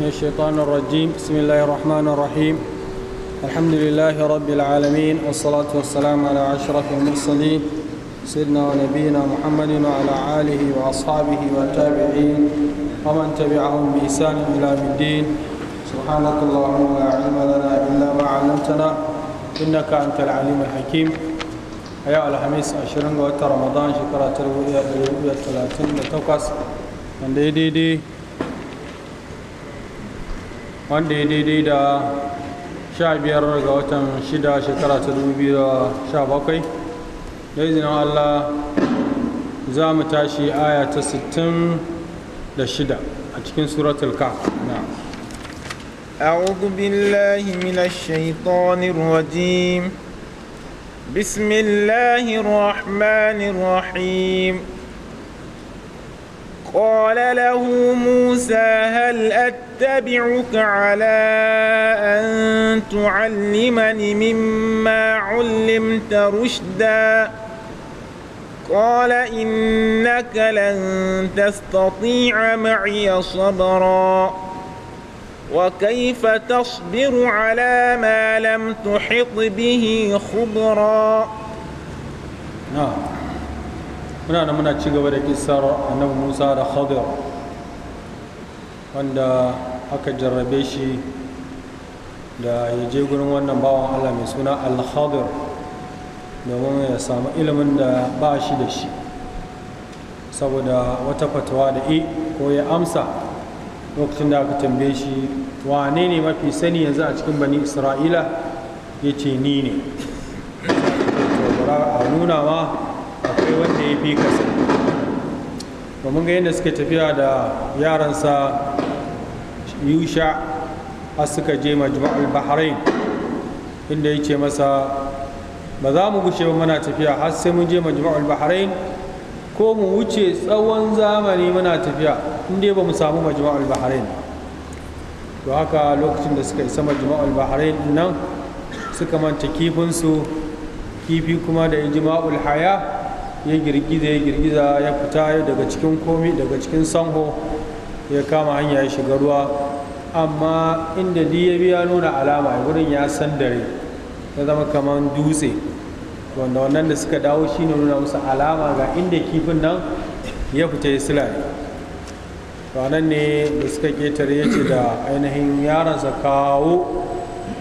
من الشيطان الرجيم بسم الله الرحمن الرحيم الحمد لله رب العالمين والصلاة والسلام على أشرف المرسلين سيدنا ونبينا محمد وعلى آله وأصحابه والتابعين ومن تبعهم بإحسان إلى الدين سبحانك اللهم لا علم لنا إلا ما علمتنا إنك أنت العليم الحكيم أيها الحميس أشرنغ رمضان شكرا تلوية الثلاثين لتوكس من دي دي دي wanda ya daidai da sha biyar ga watan shida shekara ta dubu biyu da izinin allah za mu tashi aya ta sittin da a cikin suratul kaf na أعوذ بالله من الشيطان الرجيم بسم الله الرحمن قال له موسى هل أتبعك على أن تعلمني مما علمت رشدا قال إنك لن تستطيع معي صبرا وكيف تصبر على ما لم تحط به خبرا نعم muna da muna ci gaba da kisar annabi musa da khadir wanda aka jarrabe shi da ya je gurin wannan bawan allah mai suna al-khadir domin ya samu ilimin da ba shi da shi saboda wata fatawa da e ko ya amsa lokacin da aka tambaye shi wane ne mafi sani yanzu a cikin bani isra'ila ya ce ni ne a nuna ma akwai wanda ya fi kasa ba mun ga yadda suke tafiya da yaransa yusha har suka je majma'ul bahrain inda ya ce masa ba za mu gushe ba muna tafiya har sai mun je majma'ul bahrain ko mu wuce tsawon zamani muna tafiya inda ba mu samu majma'ul bahrain to haka lokacin da suka isa majma'ul bahrain nan suka manta kifinsu kifi kuma da ijima'ul haya ya girgiza ya girgiza ya fita daga cikin komi daga cikin sanho ya kama hanya ya shiga ruwa amma inda di ya biya nuna alama wurin ya san sandare ya zama kamar dutse wanda wannan da suka dawo shi ne nuna musu alama ga inda kifin nan ya fita ya sila ranar ne da suka ketare ya ce da ainihin yaransa kawo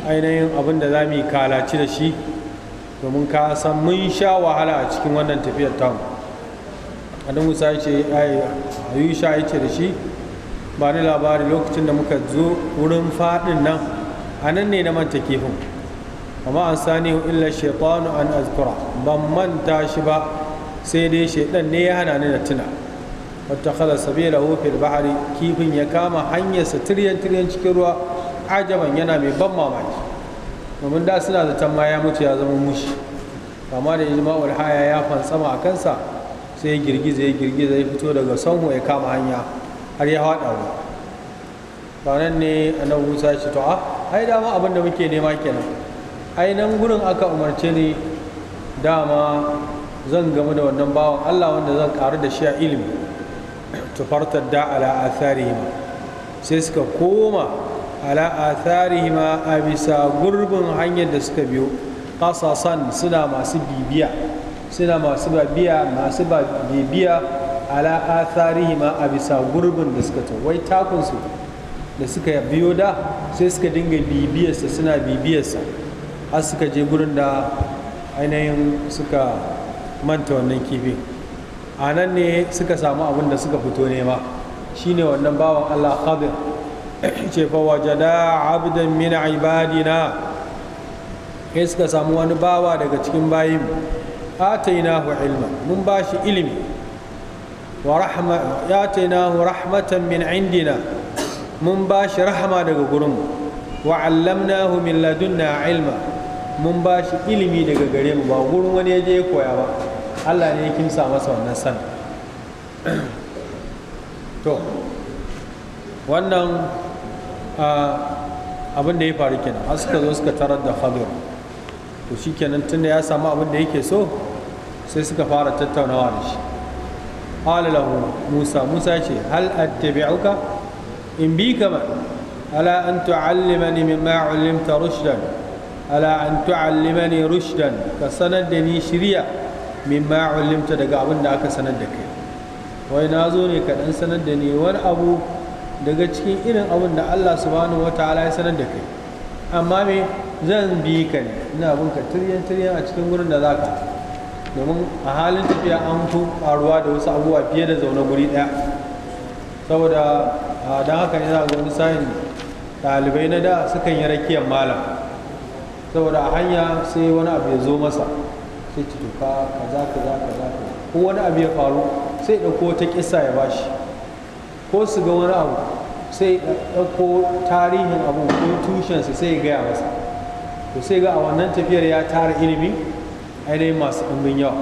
ainihin abin da za mu yi kalaci da shi domin ka san mun sha wahala a cikin wannan tafiyar tamu adam musa ya ce ayusha ya ce da shi ba ni labari lokacin da muka zo wurin fadin nan a nan ne na manta kifin amma an sani illa shaitanu an azkura ban manta shi ba sai dai shaidan ne ya hana ni na tuna wata kala sabila fil bahari kifin ya kama hanyarsa tiryan tiryan cikin ruwa ajaban yana mai ban mamaki domin da suna zaton ma ya mutu ya zama mushi amma da ijma'ul haya ya fantsama a kansa sai ya girgiza ya girgiza ya fito daga sanhu ya kama hanya har ya haɗa ba ranar ne a nan musa shi to a ah, ai dama abin da muke nema kenan ai nan gurin aka umarce ni dama zan gamu da wannan bawan allah wanda zan karu da shi a ilimi tufartar da ala asarihim sai suka koma ala atharihima a bisa gurbin hanyar da suka biyo kasasan suna masu bibiya suna masu babiya masu bibiya ala atharihima a bisa gurbin da suka ta wai takunsu da suka biyo da sai suka dinga bibiyarsa suna bibiyarsa har suka je gurin da ainihin suka manta wannan kifin a nan ne suka samu abin da suka fito nema shine wannan bawan allah khadir ce fa wajada abdan min ibadina kai suka samu wani bawa daga cikin bayin atainahu ilma mun ba shi ilimi wa rahma atainahu rahmatan min indina mun ba shi rahama daga gurinmu wa allamnahu min ladunna ilma mun ba shi ilimi daga gare mu ba gurin wani ya je koya ba Allah ne ya kimsa masa wannan san to wannan abin da ya faru kenan har suka zo suka tarar da khadir to shi kenan tunda ya samu abin da yake so sai suka fara tattaunawa da shi qala musa musa ce hal attabi'uka in bi kama ala an tu'allimani mimma 'allimta rushdan ala an tu'allimani rushdan ka sanar da ni shiriya mimma 'allimta daga abin da aka sanar da kai wai na zo ne ka dan sanar da ni wani abu daga cikin irin abin da Allah subhanahu ta'ala ya sanar da kai amma me zan bi ka ne ina bin ka tiryan tiryan a cikin gurin da zaka domin a halin tafiya an fi faruwa da wasu abubuwa fiye da zaune guri ɗaya saboda don haka ne za ga wani sayin ɗalibai na da sukan yi rakiyar malam saboda a hanya sai wani abu ya zo masa sai ci tuka kaza kaza kaza ko wani abu ya faru sai ɗauko ta kisa ya bashi ko su ga wani abu sai ɗauko tarihin abu ko tushensu sai gaya masa to sai ga a wannan tafiyar ya tara ilimi ainihin masu ɗumbin yawa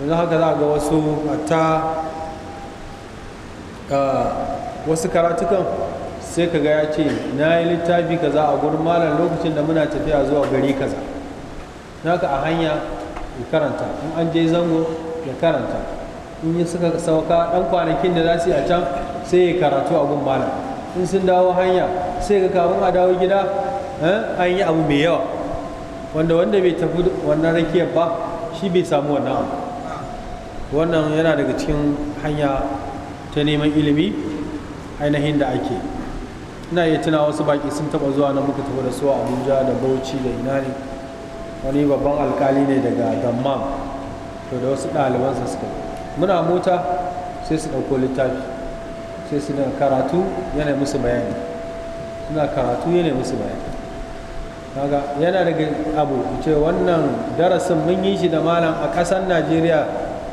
yanzu haka za a ga wasu hatta wasu karatukan sai ka ga ya ce na yi littafi kaza a gurin malam lokacin da muna tafiya zuwa gari kaza naka a hanya ya karanta in an je zango ya karanta in yi suka sauka ɗan kwanakin da za su yi a can sai ya karatu a gun malam in sun dawo hanya sai ga kafin a dawo gida eh, an yi abu mai yawa wanda wanda bai tafi wannan rakiyar ba shi bai samu wannan abu wannan yana daga cikin hanya ta neman ilimi ainihin da ake ina iya tuna wasu baki sun taba zuwa na muka tafi da su a abuja da bauchi da ina ne wani babban alkali ne daga dammam to da wasu ɗalibansa suka muna mota sai su ɗauko littafi sai suna karatu yana musu bayani suna karatu yana musu bayani kaga yana daga abu ce wannan darasin mun yi shi da malam a ƙasar najeriya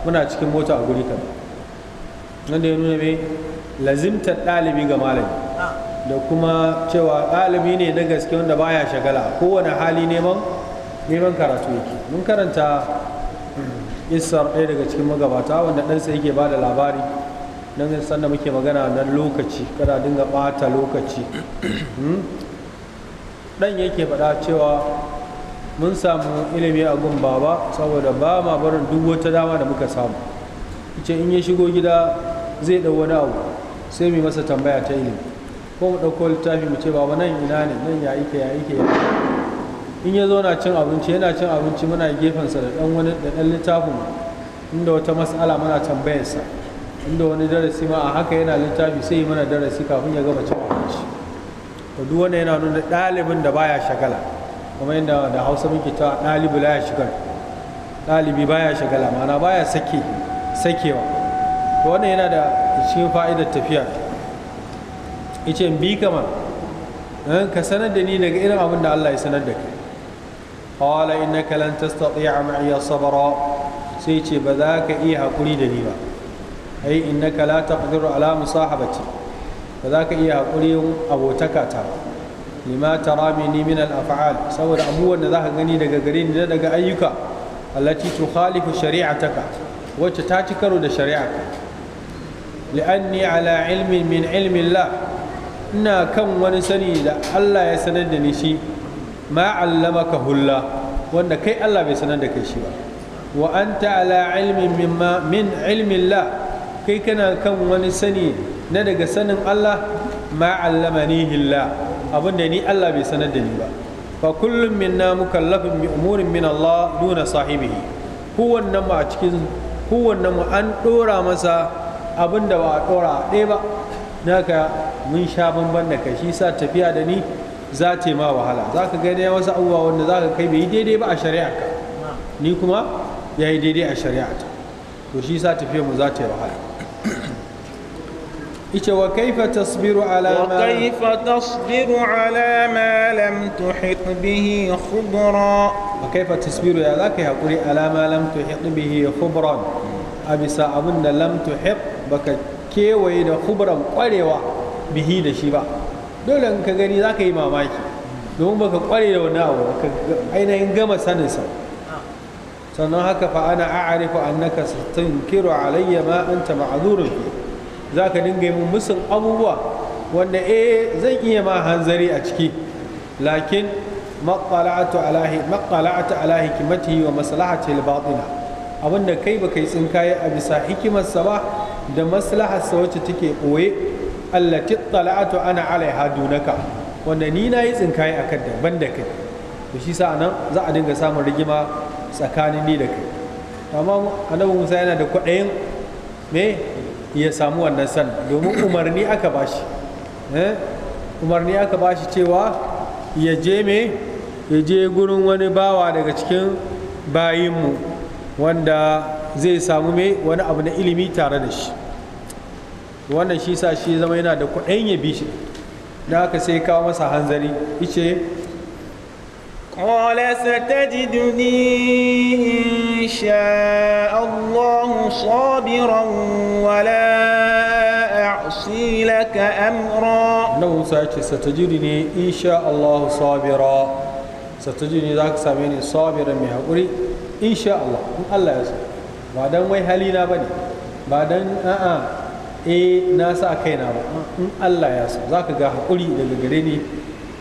muna cikin mota a guri kan wanda ya nuna mai lazimtar ɗalibi ga malami da kuma cewa ɗalibi ne na gaske wanda baya shagala kowane hali neman neman karatu yake mun karanta mm, isar ɗaya daga cikin magabata wanda ɗansa yake ba da labari don sanda muke magana na lokaci kada dinga ɓata lokaci hmm? ɗan yake faɗa cewa mun samu ilimi a gun baba saboda ba ma barin duk wata dama da muka samu ce in ya shigo gida zai ɗau wani abu sai mu masa tambaya ta ilimi ko mu ɗauko littafi mu ce baba nan ina ne nan ya ike ya ike in ya zo na cin abinci yana cin abinci muna gefensa da ɗan wani da ɗan littafin inda wata mas'ala muna tambayarsa inda wani darasi ma a haka yana littafi sai mana darasi kafin ya gama cin abinci to duk wannan yana nuna ɗalibin da baya shagala kuma inda da hausa muke ta ɗalibi la ya shagala ɗalibi baya shagala ma'ana baya sake sakewa to wannan yana da cikin fa'idar tafiya ice bi kama eh, ka sanar da ni daga irin abin da Allah ya sanar da kai qala innaka lan tastati'a ma'iya sabra sai ce ba za ka iya hakuri da ni ba ai innaka la taqdiru ala musahabati ba za ka iya haƙurin abotaka ta lima tara mini min al-af'al saboda abubuwan da zaka gani daga gare ni daga ayyuka allati tukhalifu shari'ataka wacce ta ci karo da shari'a li'anni ala ilmin min ilmin la ina kan wani sani da Allah ya sanar da ni shi ma allamaka hulla wanda kai Allah bai sanar da kai shi ba wa anta ala ilmin min ilmin la kai kana kan wani sani na daga sanin Allah ma ni hilla abinda ni Allah bai sanar da ni ba fa kullum minna mukallafin bi umurin min Allah duna sahibihi kowannen mu a cikin kowannen mu an dora masa abinda ba a dora a ɗaya ba naka mun sha bamban da kai shi sa tafiya da ni za ta ma wahala za ka ga wasu abubuwa wanda za ka kai bai yi daidai ba a shari'a ka ni kuma ya yi daidai a shari'a ta to shi sa tafiya mu za ta yi wahala ice wa kaifa tasbiru ala ma wa kaifa tasbiru ala ma lam tuhit bihi khubra wa kaifa tasbiru ya zaka hakuri ala ma lam tuhit bihi khubran a bisa da lam tuhit baka kewaye da khubran kwarewa bihi da shi ba dole in ka gani zaka yi mamaki domin baka kware da wani abu ka ainihin gama saninsa sannan haka fa ana a'arifu annaka satankiru alayya ma anta ma'dhurun fihi za ka dinga yi musun abubuwa wanda eh zan iya ma hanzari a ciki lakin maqala'atu alahi maqala'atu ala hikmatihi wa maslahati al abinda kai baka yi tsinkaye a bisa hikimarsa ba da maslaharsa wacce take ɓoye allati tala'atu ana alaiha dunaka wanda ni na yi tsinkaye a kan daban da kai to shi sa nan za a dinga samun rigima tsakanin ni da kai amma annabi musa yana da kwaɗayin me ya samu wannan san domin umarni aka ba shi, eh? umarni aka ba shi cewa ya je me ya je gurin wani bawa daga cikin bayinmu wanda zai samu me wani abu na ilimi tare da shi wannan shi sa shi zama yana da kuɗin ya bi shi da aka sai kawo masa hanzari ice قال ستجدني إن شاء الله صابرا ولا أعصي لك أمرا لو ساتي ستجدني إن شاء الله صابرا ستجدني ذاك ساميني صابرا مهوري إن شاء الله إن الله يسر بعدين وي هلينا بني بعدين آآ آه eh na sa kaina ba in Allah ya so zaka ga hakuri daga gare ni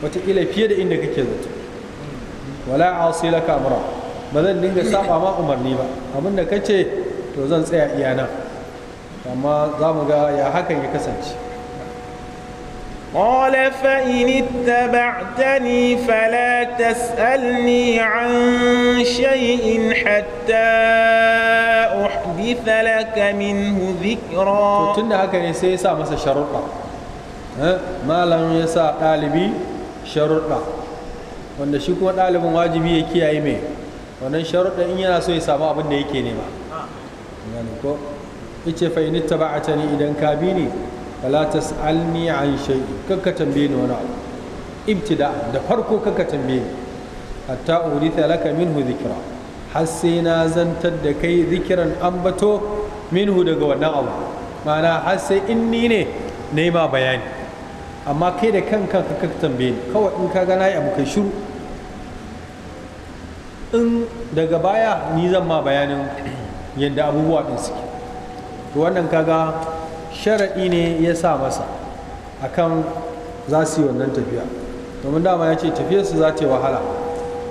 wataƙila fiye da inda kake zato wala asi laka amra ba zan dinga saba ma umarni ba abin da kace to zan tsaya iyana amma za mu ga ya hakan ya kasance قال فإن اتبعتني فلا تسألني عن شيء حتى أحدث لك منه ذكرا تنا هكذا سيسا مسا شرطة ما لم يسا قالبي شرطة wanda shi kuma ɗalibin wajibi ya kiyaye mai wannan sharuɗa in yana so ya samu abin da yake nema ko ice fa ni idan ka bi ni fala tas'alni an shay'i kakka tambaye ni wani abu ibtida da farko kakka tambaye ni hatta uritha laka minhu dhikra har sai na zantar da kai zikiran ambato minhu daga wannan abu ma'ana har sai in ni ne na yi ma bayani amma kai da kanka ka tambaye ni kawai in ka gana abu kai shiru in daga baya ni zan ma bayanin yadda abubuwa ɗin suke to wannan kaga sharaɗi ne ya sa masa akan za su yi wannan tafiya domin dama ya ce tafiyarsu za ta yi wahala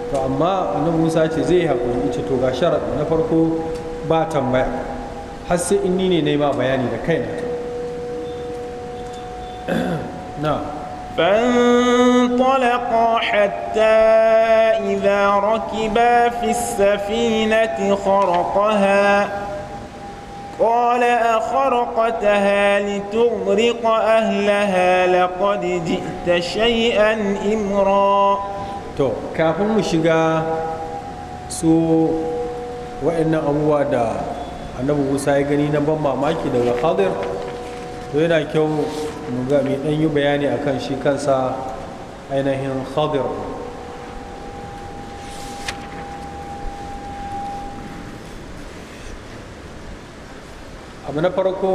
to amma annabi musa ce zai yi haƙuri ita to ga sharaɗi na farko ba tambaya har sai in ni ne na yi ma bayani da kaina نعم. فانطلقا حتى إذا ركبا في السفينة خرقها قال أخرقتها لتغرق أهلها لقد جئت شيئا إمرا تو كافو مشيغا سو وإن أموادا أنا بوسايغني نبما ماكي دغا خاضر وإن أكيو mu ga mai ɗan yi bayani akan shi kansa ainihin khadir abu na farko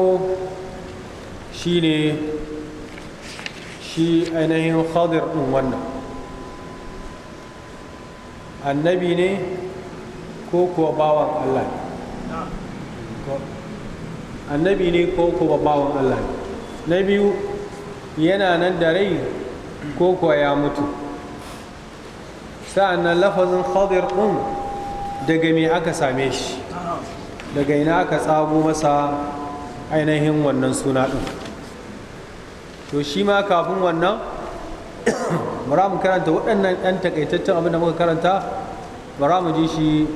shi ne shi ainihin khadir ɗin wannan annabi ne ko kuwa bawan allah annabi ne ko kuwa bawan allah ne na biyu yana nan da rai ko kuwa ya mutu sa'annan lafazin khadir ɗin daga me aka same shi daga ina aka tsago masa ainihin wannan suna ɗin to shi ma kafin wannan bara mu karanta waɗannan ɗan takaitaccen abin da muka karanta bara mu ji shi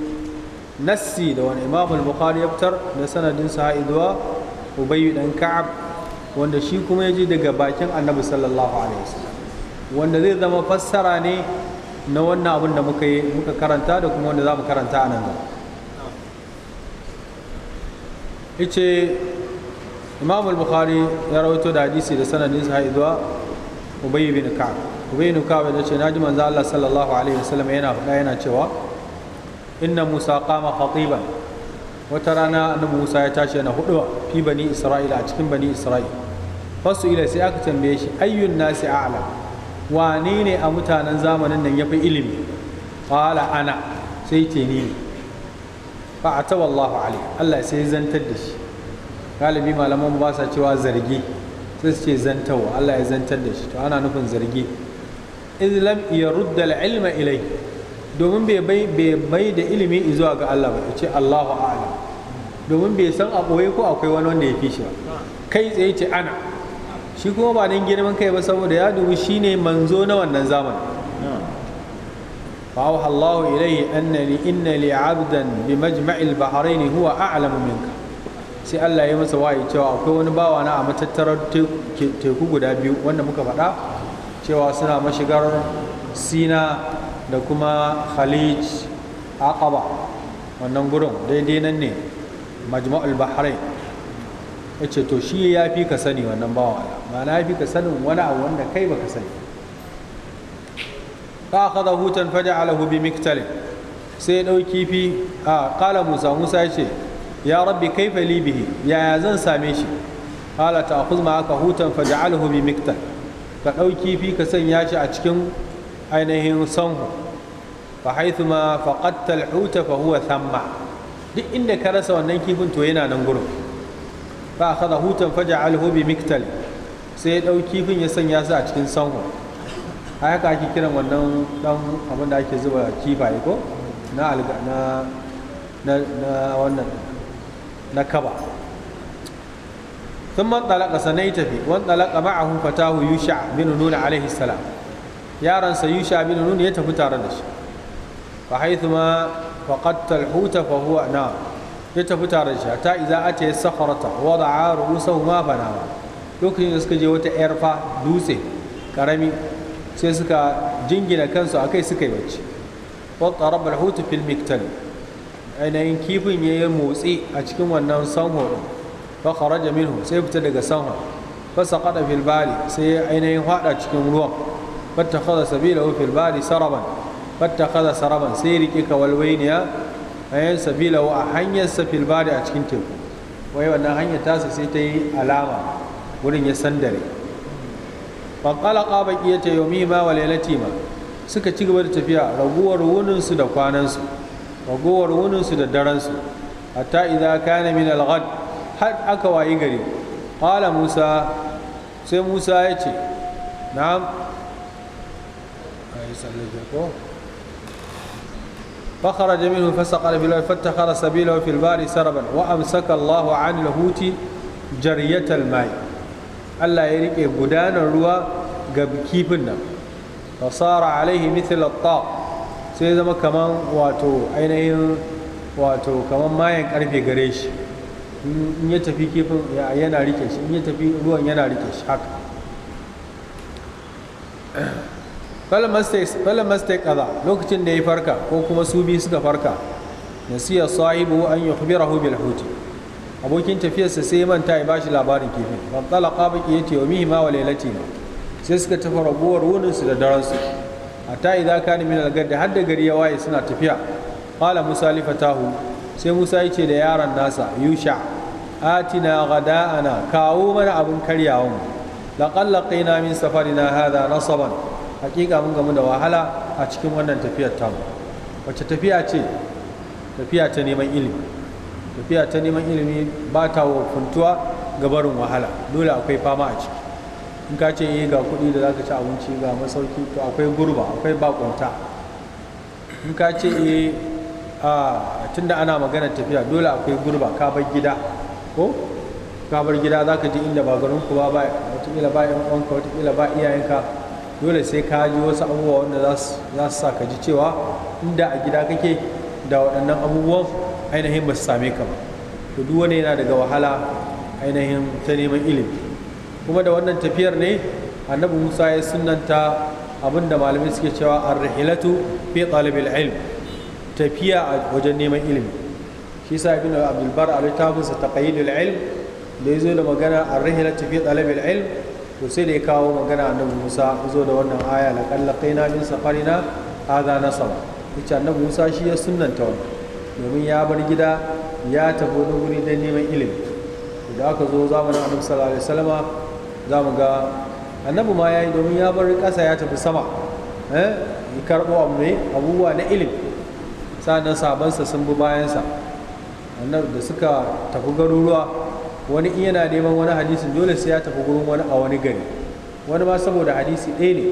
nassi da wani imamul bukhari ya fitar da sanadin sa'iduwa ubayyu dan ka'ab wanda shi kuma ya ji daga bakin annabi sallallahu alaihi wasallam wanda zai zama fassara ne na wannan abin da muka yi muka karanta da kuma wanda za mu karanta a nan ice imam al-bukhari ya rawaito da hadisi da sanadin sa zuwa ubay bin ka'ab ubay bin ka'ab ya ce naji manzo Allah sallallahu alaihi wasallam yana faɗa yana cewa inna musa qama khatiban wata rana annabi musa ya tashi yana hudu fi bani isra'ila a cikin bani isra'ila fasu ila sai aka tambaye shi ayyun nasi a'la Wani ne a mutanen zamanin nan fi ilimi qala ana sai ce ni ne fa atawa Allahu alaihi Allah sai zantar da shi galibi malaman ba sa cewa zargi sai su ce zantawa Allah ya zantar da shi to ana nufin zargi iz lam yarudda al-ilma ilai domin bai bai da ilimi zuwa ga Allah ba ce Allahu a'lam domin bai san a ɓoye ko akwai wani wanda ya fi shi ba kai tsaye ce ana shi kuma ba nan girman kai ba saboda ya dubi shine manzo na wannan zamanin فأوحى الله إليه أنني إن لي عبدا بمجمع البحرين huwa أعلم منك sai Allah ya masa wayi cewa akwai wani bawa na a matattarar teku guda biyu wanda muka faɗa cewa suna mashigar sina da kuma khalij aqaba wannan gurin daidai nan ne majma'ul bahrain ya to shi ya fi ka sani wannan bawa ba na fi ka sanin wani abu wanda kai baka sani fa akhadha hutan faja'alahu bi miktalin. sai ya dau kifi a qala musa musa ce ya rabbi kai li bihi yaya zan same shi qala ta'khudh ma aka hutan faja'alahu bi miktal ka dau kifi ka sanya shi a cikin ainihin sanhu fa haythuma faqadta al-huta fa huwa thamma duk inda ka rasa wannan kifin to yana nan gurin fa akhadha hutan faja'alahu bi miktalin. sai ya ɗau kifin ya sanya su a cikin sanwa a haka ake kiran wannan ɗan abin da ake zuba kifaye ko na alga na na wannan na kaba sun man talaka sanai tafi wan talaka ma'ahu fatahu yusha bin nun alaihi salam yusha bin ya tafi tare da shi fa haythuma faqatta alhuta fa huwa na ya tafi tare da shi ta idza ata sakharata wada'a ru'usahuma lokacin da suka je wata yar fa dutse karami sai suka jingina kansu akai suka yi bacci wa qarab al-hut fil miktal ainihin kifin ya yi motsi a cikin wannan sanho Ba fa kharaja minhu sai fita daga sanho fa saqada fil bali sai ainihin hada cikin ruwan fattakhadha sabilahu fil bali saraban fattakhadha saraban sai rike kawalwainiya ayan sabilahu a hanyar sa fil bali a cikin teku wai wannan hanyar tasa sai ta yi alama wurin ya san sandare faƙalaƙa baƙi ya ta yomi ma wa lailati ma suka ci gaba da tafiya raguwar wuninsu da kwanansu raguwar wuninsu da daransu hatta idza kana min al har aka wayi gari Ƙala musa sai musa ya ce na'am ayi sallallahu ko فخرج منه فسقى في البحر فاتخذ سبيله في البحر سربا وامسك الله عن الهوت جريه الماء Allah ya rike gudanar ruwa ga kifin nan fasara alaihi mithil at sai zama kaman wato ainihin wato kaman mayan karfe gare shi in ya tafi kifin yana rike shi in ya tafi ruwan yana rike shi haka falamasta kaza lokacin da ya farka ko kuma su biyu suka farka nasiya sahibu an yi hubira hubil huti abokin tafiyarsa sai ya manta ya bashi labarin kifin ban talaka baki ya ce wa mihima wa lailati ma sai suka tafi raguwar wuninsu da daransu hatta idza kana min al-gad har da gari ya waye suna tafiya qala musa li fatahu sai musa ya ce da yaron nasa yusha atina ghada'ana kawo mana abin karyawan mu laqad laqina min safarina hadha nasaban hakika mun gamu da wahala a cikin wannan tafiyar tamu wacce tafiya ce tafiya ta neman ilimi tafiya ta neman ilimi ba ta wakuntuwa ga barin wahala dole akwai fama a ciki in ka ce eh, ga kuɗi da zaka ci abinci ga masauki to akwai gurba akwai bakwanta in ka ce eh, a tunda ana maganar tafiya dole akwai gurba ka bar gida ko ka bar gida zaka ji inda ba garin ku ba ba wataƙila ba yan uwanka wataƙila ba iyayenka dole sai ka ji wasu abubuwa wanda za su sa ka ji cewa inda a gida kake da waɗannan abubuwan ainihin ba su same ka ba to duk wani yana daga wahala ainihin ta neman ilimi kuma da wannan tafiyar ne annabi musa ya sunanta abinda malamai suke cewa ar-rihilatu fi talibil ilm tafiya a wajen neman ilimi shi sa ibn abdul bar a littafinsa taqayyidul ilm da ya zo da magana ar-rihilatu fi talibil ilm to sai da ya kawo magana annabi musa ya zo da wannan aya laqad fari min safarina hadha nasaba ita annabi musa shi ya sunanta wannan domin ya bar gida ya tafi wani wuri don neman ilimi da aka zo zamanin annabi sallallahu alaihi wasallama za mu ga annabi ma ya yi domin ya bar kasa ya tafi sama eh, ya karɓo abu ne abubuwa na ilimi sannan sabansa sun bi bayansa annabi da suka tafi garuruwa wani in yana neman wani hadisin dole sai ya tafi gurin wani a wani gari wani ma saboda hadisi ɗaya ne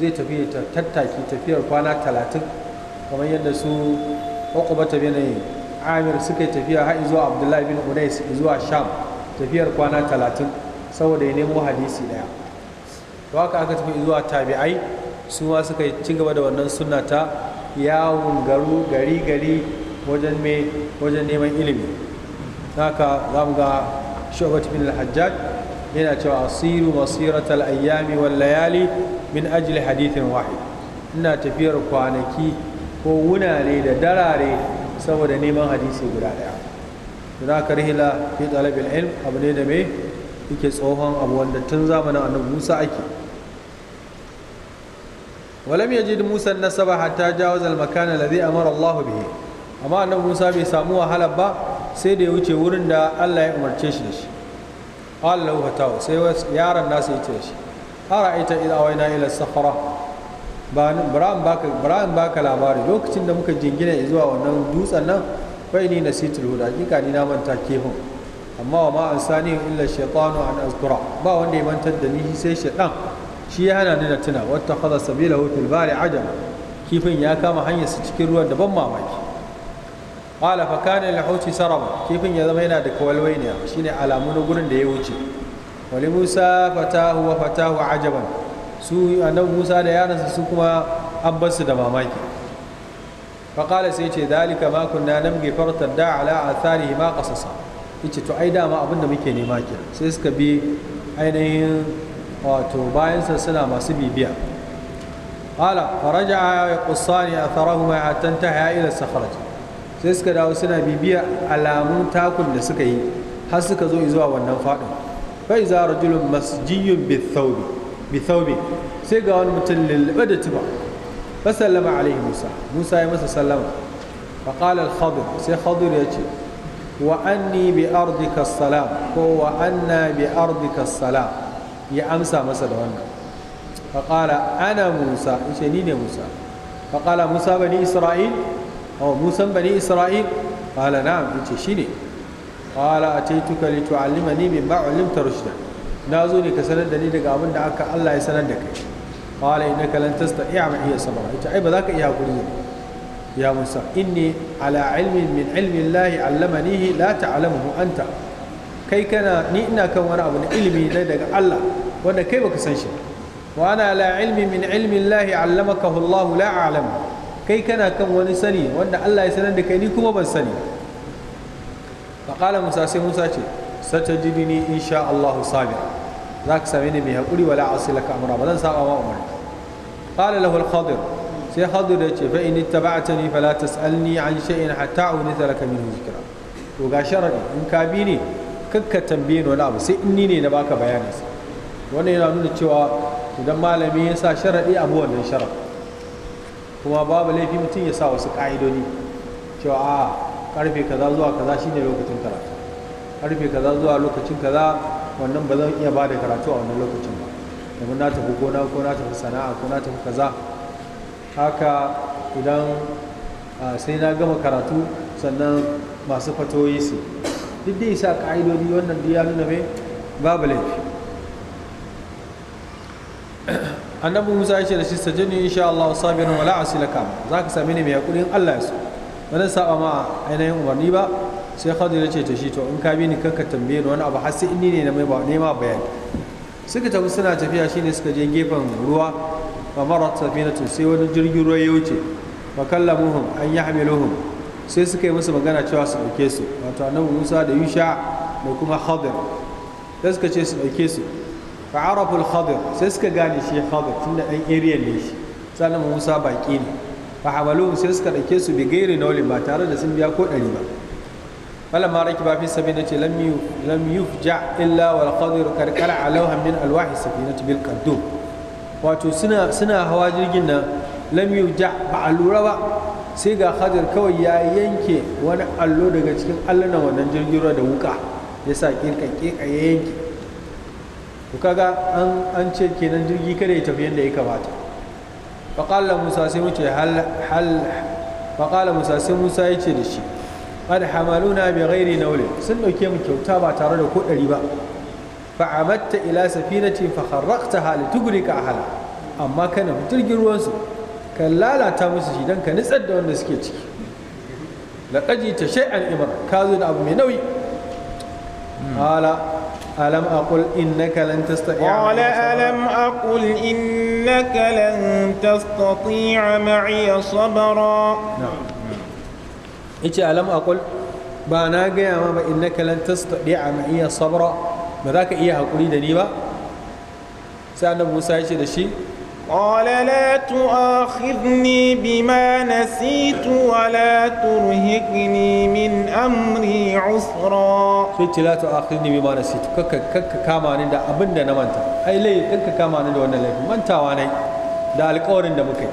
zai tafi tattaki tafiyar kwana talatin kamar yadda su uqbata bin amir suka tafiya har zuwa abdullahi bin unais zuwa sham tafiyar kwana talatin saboda ya nemo hadisi daya to haka aka tafi zuwa tabi'ai su ma suka ci gaba da wannan sunna ta yawon garu gari gari wajen mai wajen neman ilimi haka za mu ga shubat bin al yana cewa asiru masirat al-ayyami wal min ajli hadithin wahid ina tafiyar kwanaki ko wunare da darare saboda neman hadisi guda ɗaya da ka rihila fi ɗalibin ilm abu ne da mai yake tsohon abu wanda tun zamanin annabi musa ake walam yajid musa nasaba hatta jawaza al-makan alladhi amara Allah bihi amma annabi musa bai samu wahala ba sai da ya wuce wurin da Allah ya umarce shi da shi Allah ya sai yaron nasa ya ce shi ara'aita idza awayna ila safara ba baka labari lokacin da muka jingina zuwa wannan dutsen nan bai ni nasitul huda hakika ni na manta kefin amma wa ma ansani illa shaytanu an azkura ba wanda ya mantar da ni sai shaytan shi ya hana ni na tuna wata khadha sabilahu fil bari ajab kifin ya kama hanyar su cikin ruwan da ban mamaki qala fa kana lahuti saraba kifin ya zama yana da kawalwainiya shine alamu na gurin da ya wuce wali musa fatahu wa fatahu ajaban su annabi musa da yaransa su kuma an bar su da mamaki faƙala sai ce dalika ma kunna namge fartar da ala atharihi ma qasasa yace to ai dama abin da muke nema kenan sai suka bi ainihin wato bayansa suna masu bibiya قال فرجع يقصان اثرهما حتى انتهى الى الصخره sai suka dawo suna bibiya alamun takun da suka yi har suka zo zuwa wannan fadin fa iza rajulun masjiyun bi thawbi bithaube sai ga wani mutum lullube da tuba fa sallama alaihi musa musa ya masa sallama fa qala al-khadir sai khadir ya ce wa anni bi ardika salam ko wa anna bi ardika salam ya amsa masa da wannan fa qala ana musa yace ni ne musa fa qala musa bani isra'il aw musa bani isra'il qala na'am yace shine qala ataituka litu'allimani mimma 'allamta rushdan na zo ne ka sanar da ni daga abin da aka Allah ya sanar da kai qala innaka lan tastati'a ma iya sabra ita ai ba za ka iya hakuri ne. ya musa inni ala ilmin min ilmi Allah allamanihi la ta'lamuhu anta kai kana ni ina kan wani abu na ilimi ne daga Allah wanda kai baka san shi wa ana ala ilmin min ilmi Allah allamakahu Allah la a'lamu kai kana kan wani sani wanda Allah ya sanar da kai ni kuma ban sani musa sai musa ce. satajidini insha Allah sabira zaka same ni mai hakuri wala ka amra ba zan saba ma umar qala lahu al-khadir sai khadir yace fa in ittaba'tani fala tas'alni an shay'in hatta unita laka minhu zikra to ga sharadi in ka bi ne kakka tambaye ni wani abu sai in ni ne na baka bayanin sa wannan yana nuna cewa idan malami ya sa sharadi abu wannan sharaf kuma babu laifi mutum ya sa wasu ka'idodi cewa a karfe kaza zuwa kaza shine lokacin karatu karfe kaza zuwa lokacin kaza wannan ba zan iya ba da karatu a wannan lokacin ba domin na tafi gona ko na tafi sana'a ko na tafi kaza haka idan sai na gama karatu sannan masu fatoyi su duk da isa ka'idodi wannan da ya nuna mai babu laifi annabi musa ya ce da shi sajini insha Allah sabirin wala asilaka za ka sami ne mai hakurin Allah ya so ba zan saba ma ainihin umarni ba sai khadir ya ce ta shi to in ka bi ni kanka tambaye ni wani abu har sai inni ne na mai nema bayani suka tafi suna tafiya shine suka je gefen ruwa fa marat safinatu sai wani jirgin ruwa ya wuce fa kallamuhum an yahmiluhum sai suka yi musu magana cewa su dauke su wato annabi Musa da Yusha da kuma Khadir sai suka ce su dauke su fa arafu al-Khadir sai suka gane shi Khadir tunda dan area ne shi sannan Musa baki ne fa hamaluhum sai suka dauke su bi gairi nauli ba tare da sun biya ko dari ba فلما ركب في السفينة لم لم يفجع إلا والقدر قد قلع لوحا من ألواح السفينة بالقدوم wato suna hawa jirgin na lam yufja ba a lura ba sai ga hadar kawai ya yanke wani allo daga cikin allana wannan jirgin ruwa da wuka ya sa kirka kirka ya yanke to kaga an ce kenan jirgi kada ya tafi yadda ya kamata faqala musa sai mu ce hal hal faqala musa sai musa ya ce da shi qad hamaluna bi ghairi nawli sun dauke mu kyauta ba tare da ko ɗari ba fa amatta ila safinati fa kharraqtaha litugrika ahla amma kana mutirgin ruwan su ka lalata musu shi dan ka nitsar da wanda suke ciki laqad ta shay'an imar ka zo da abu mai nauyi qala alam أقل إنك لن تستطيع قال ألم أقل إنك لن تستطيع معي صبرا نعم yace alam aqul ba na gaya ma ba innaka lan tastati'a ma iya sabra ba za ka iya hakuri da ni ba sai annabi Musa yace da shi قال لا تؤاخذني بما نسيت ولا ترهقني من أمري عسرا سيت لا تؤاخذني بما نسيت كك كك كاماني دا أبن دا نمانتا أي لي كك كاماني دا وانا لي منتا واني دا القورن دا مكي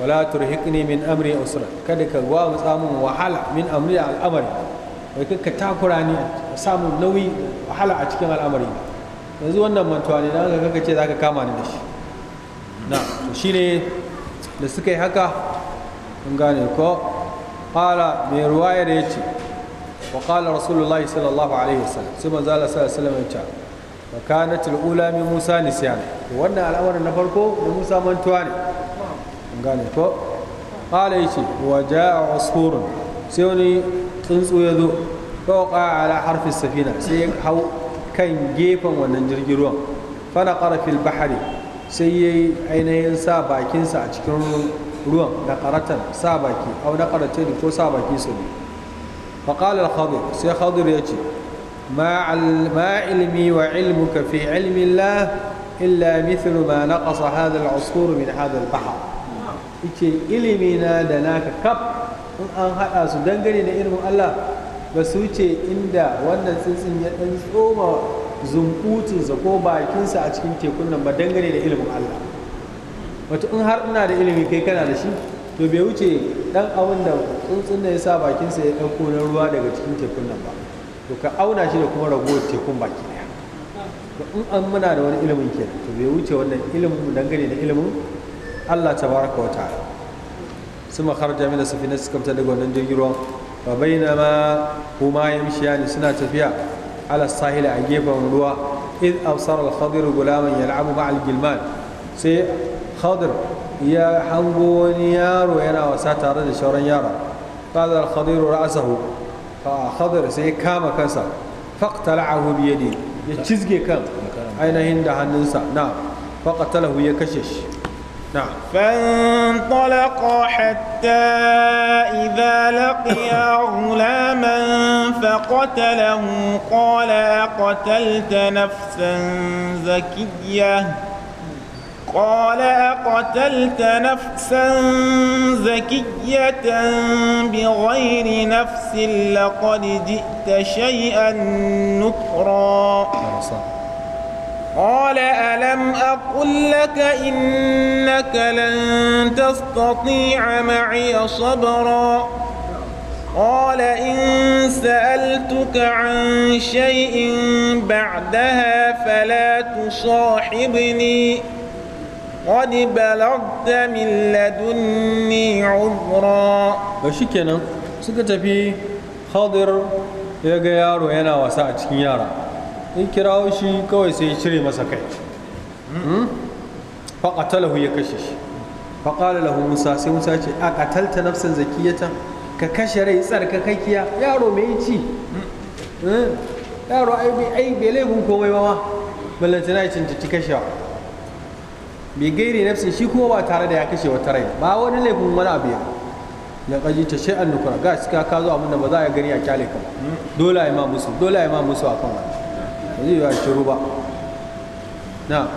wala turhiqni min amri usra kada ka wa mutsamun wahala min amri al'amari wai ka takura ni samun nauyi wahala a cikin al'amari yanzu wannan mantuwa ne dan kaga ce zaka kama ni da shi na to shine da suka yi haka kun gane ko qala mai ruwaya da yace wa qala rasulullahi sallallahu alaihi wasallam sai manzo Allah sallallahu alaihi wasallam ya ce wa kanat ula min Musa nisyan wannan al'amarin na farko da Musa mantuwa ne gane ko qala yace wa jaa usfurun sai wani tsuntsu ya zo fawqa ala harfi safina sai ya hau kan gefen wannan jirgin ruwan fana qarafil bahari sai yayi ainihin sa bakinsa a cikin ruwan da qaratan sa baki au da qaratan ko sa baki su ne فقال الخضر سي خضر يجي ما ما علمي وعلمك في علم الله إلا مثل ما نقص هذا العصفور من هذا البحر ce ilimi na da naka kaf in an haɗa su dangane da ilimin Allah ba su ce inda wannan tsintsin ya ɗan tsoma zumbutinsa ko bakinsa a cikin tekun nan ba dangane da ilimin Allah wato in har ina da ilimi kai kana da shi to bai wuce ɗan abin da tsuntsun da ya sa bakinsa ya ɗauko na ruwa daga cikin tekun nan ba to ka auna shi da kuma ragowar tekun baki ɗaya in an muna da wani ilimin kenan to bai wuce wannan ilimin dangane da ilimin Allah tabaraka wa ta'ala suma kharaja min safina suka fita daga wannan jirgin ruwan wa bainama huma suna tafiya ala sahila a gefen ruwa id absara al-khadir gulaman yal'abu ma'a al-gilman sai khadir ya hango wani yaro yana wasa tare da sauran yara qala al-khadir ra'sahu fa khadir sai kama kansa faqtala'ahu bi yadi ya cizge kan ainihin da hannunsa na faqatalahu ya kashe shi نعم فانطلقا حتى إذا لقيا غلاما فقتله قال أقتلت نفسا زكية قال أقتلت نفسا زكية بغير نفس لقد جئت شيئا نكرا نعم، قال ألم أقل لك إنك لن تستطيع معي صبرا قال إن سألتك عن شيء بعدها فلا تصاحبني قد بلغت من لدني عذرا وشكنا سكت في خاضر يا يارو أنا وساعة كيارا in kirawo shi kawai sai ya cire masa kai hmm? faƙatalahu ya kashe shi faƙala lahu musa sai musa ce a ƙatalta nafsan zakiyatan ka kashe rai tsarkakakkiya yaro mai ci hmm? yaro ai bai laifin komai ba ma ballantana ya ci kashewa bai gairi nafsin shi kuma ba tare da ya kashe wata rai ba wani laifin wani abu ya ya kaji ta shi'an nukura ga suka ka zo abin da ba za a gani a kyale ka hmm? dole a yi ma musu dole a yi ma musu a kan wani ba zai shiru ba na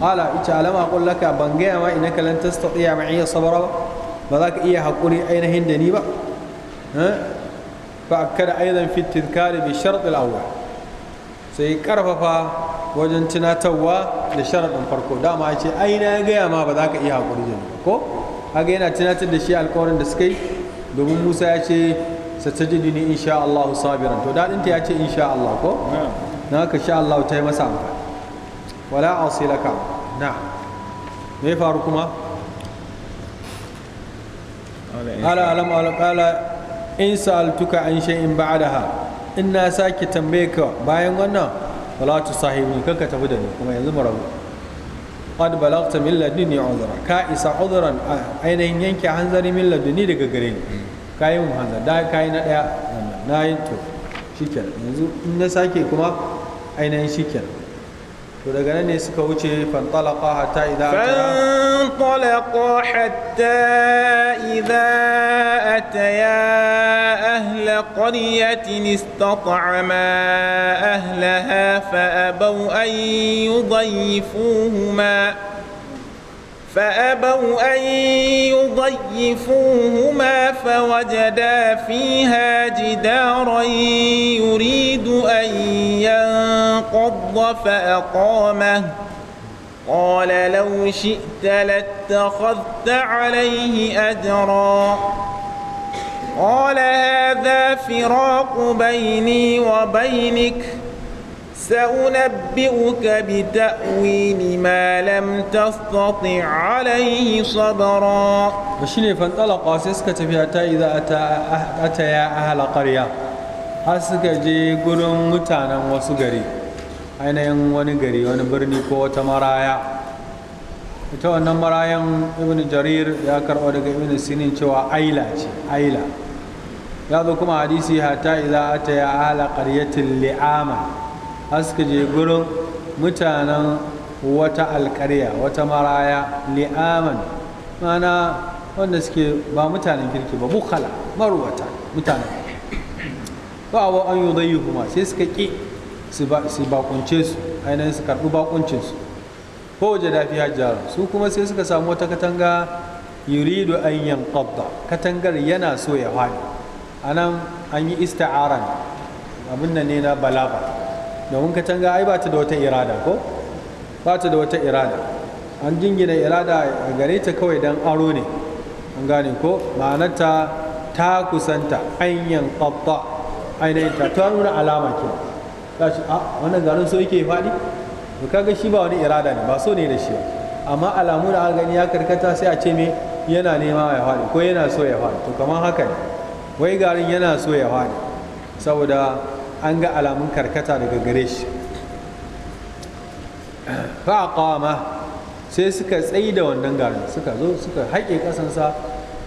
ala ita alama kun laka ban gaya ma ina kalan tastatiya ma iya sabara ba ba za ka iya haƙuri ainihin da ni ba eh? fa akkada aidan fitin kare bi shart al-awwal sai karfafa wajen tunatarwa da sharaɗin farko dama ya ce ai na gaya ma ba za ka iya haƙuri da ni ko haka yana tunatar da shi alƙawarin da suka yi domin Musa ya ce satajidini insha Allah sabiran to daɗinta ya ce insha Allah ko na haka sha Allah ta yi masa amfani wala asilaka na me faru kuma ala alam alqala in sa'altuka an shay'in ba'daha in na sake tambaye ka bayan wannan wala tu sahibi kanka tafi da ni kuma yanzu mu rabu qad balagta min laduni uzra ka isa uzran ainihin yanke hanzari min laduni daga gare ni kayi mun hanzar da kayi na daya na yin to shikenan yanzu in na sake kuma ainihin kenan to daga nan ne suka wuce fantalaka hatta idan فانطلقا حتى إذا أتيا أهل قرية استطعما أهلها فأبوا أن يضيفوهما فأبوا أن يضيفوهما فوجدا فيها جدارا يريد أن ينقل فأقامه قال لو شئت لاتخذت عليه أجرا قال هذا فراق بيني وبينك سأنبئك بتأويل ما لم تستطع عليه صبرا وشيني فانطلق سيسكة فيها إذا أتى أه- يا أهل قرية har جي je متانا mutanen ainihin wani gari wani birni ko wata maraya ita wannan marayan ibn jarir ya karɓa daga ibn sinin cewa aila ce aila ya zo kuma hadisi hata iza ata ya ala ƙaryatin li'ama haska je gurin mutanen wata alƙarya wata maraya li'aman mana wanda suke ba mutanen kirki ba bukala maruwata mutanen ba an yi zai kuma sai suka ƙi su bakunce su ainihin su karɓi su ko waje dafi hajjara su kuma sai suka samu wata katanga yuridu an yanqadda katangar yana so ya faɗi A nan, an yi ista'aran abin nan ne na balaba. domin katanga ai ba ta da wata irada ko ba ta da wata irada an jingina irada a gare ta kawai don aro ne an gane ko ma'anarta ta kusanta an yanqadda ainihin ta ta nuna alama kenan za shi a ah, wannan garin so yake faɗi to kaga shi ba wani irada ne ba so ne da shi ba amma alamu da gani ya karkata sai a ce me yana nema ya faɗi ko yana so ya faɗi to kamar haka ne wai garin yana so ya faɗi saboda an ga alamun karkata daga gare shi fa'aqama sai suka tsayi da wannan garin suka zo suka haƙe ƙasansa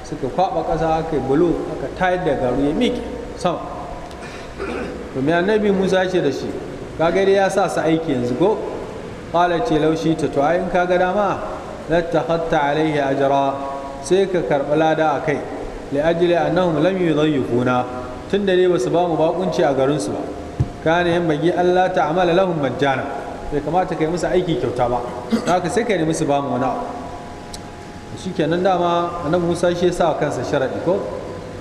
suka kwaɓa ƙasa aka yi bulo aka tayar da garu ya miƙe sama to mai annabi musa ce da shi kaga dai ya sa su aiki yanzu ko qala ce laushi ta to ayin kaga dama lattakhatta alaihi ajra sai ka karɓi lada a kai li ajli annahum lam yudayyifuna tunda dai basu ba mu bakunci a garin su ba kana yan bagi Allah amala lahum majjana bai kamata kai musu aiki kyauta ba haka sai ka nemi ba mu wani abu shikenan dama annabi Musa shi ya sa kansa sharadi ko